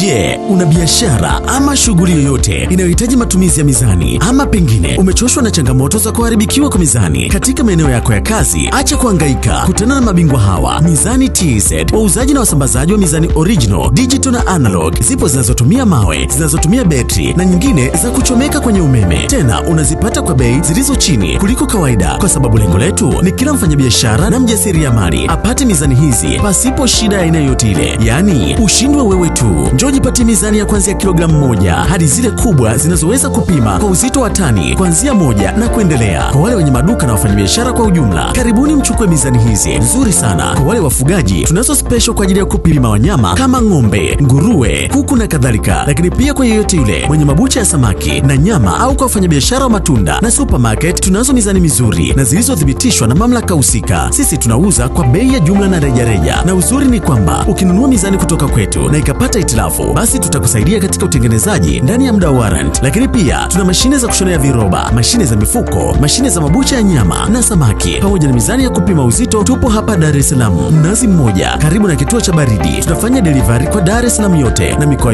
Je, una biashara ama shughuli yoyote inayohitaji matumizi ya mizani ama pengine umechoshwa na changamoto za kuharibikiwa kwa mizani katika maeneo yako ya kazi? Acha kuhangaika, kutana na mabingwa hawa Mizani TZ, wauzaji na wasambazaji wa mizani original, digital na analog. Zipo zinazotumia mawe, zinazotumia betri na nyingine za kuchomeka kwenye umeme. Tena unazipata kwa bei zilizo chini kuliko kawaida, kwa sababu lengo letu ni kila mfanyabiashara na mjasiriamali apate mizani hizi pasipo shida ya aina yoyote ile, yaani ushindwe wewe tu. Njoo jipatie mizani ya kuanzia kilogramu moja hadi zile kubwa zinazoweza kupima kwa uzito wa tani kuanzia moja na kuendelea. Kwa wale wenye maduka na wafanyabiashara kwa ujumla, karibuni mchukue mizani hizi nzuri sana. Kwa wale wafugaji, tunazo special kwa ajili ya kupima wanyama kama ng'ombe, nguruwe, kuku na kadhalika, lakini pia kwa yeyote yule mwenye mabucha ya samaki na nyama au kwa wafanyabiashara wa matunda na supermarket, tunazo mizani mizuri na zilizothibitishwa na mamlaka husika. Sisi tunauza kwa bei ya jumla na rejareja Na uzuri ni kwamba ukinunua mizani kutoka kwetu na ikapata itilafu, basi tutakusaidia katika utengenezaji ndani ya muda wa warrant. Lakini pia tuna mashine za kushonea viroba, mashine za mifuko, mashine za mabucha ya nyama na samaki pamoja na mizani ya kupima uzito. Tupo hapa Dar es Salaam, Mnazi Mmoja, karibu na kituo cha baridi. Tunafanya delivery kwa Dar es Salaam yote na mikoa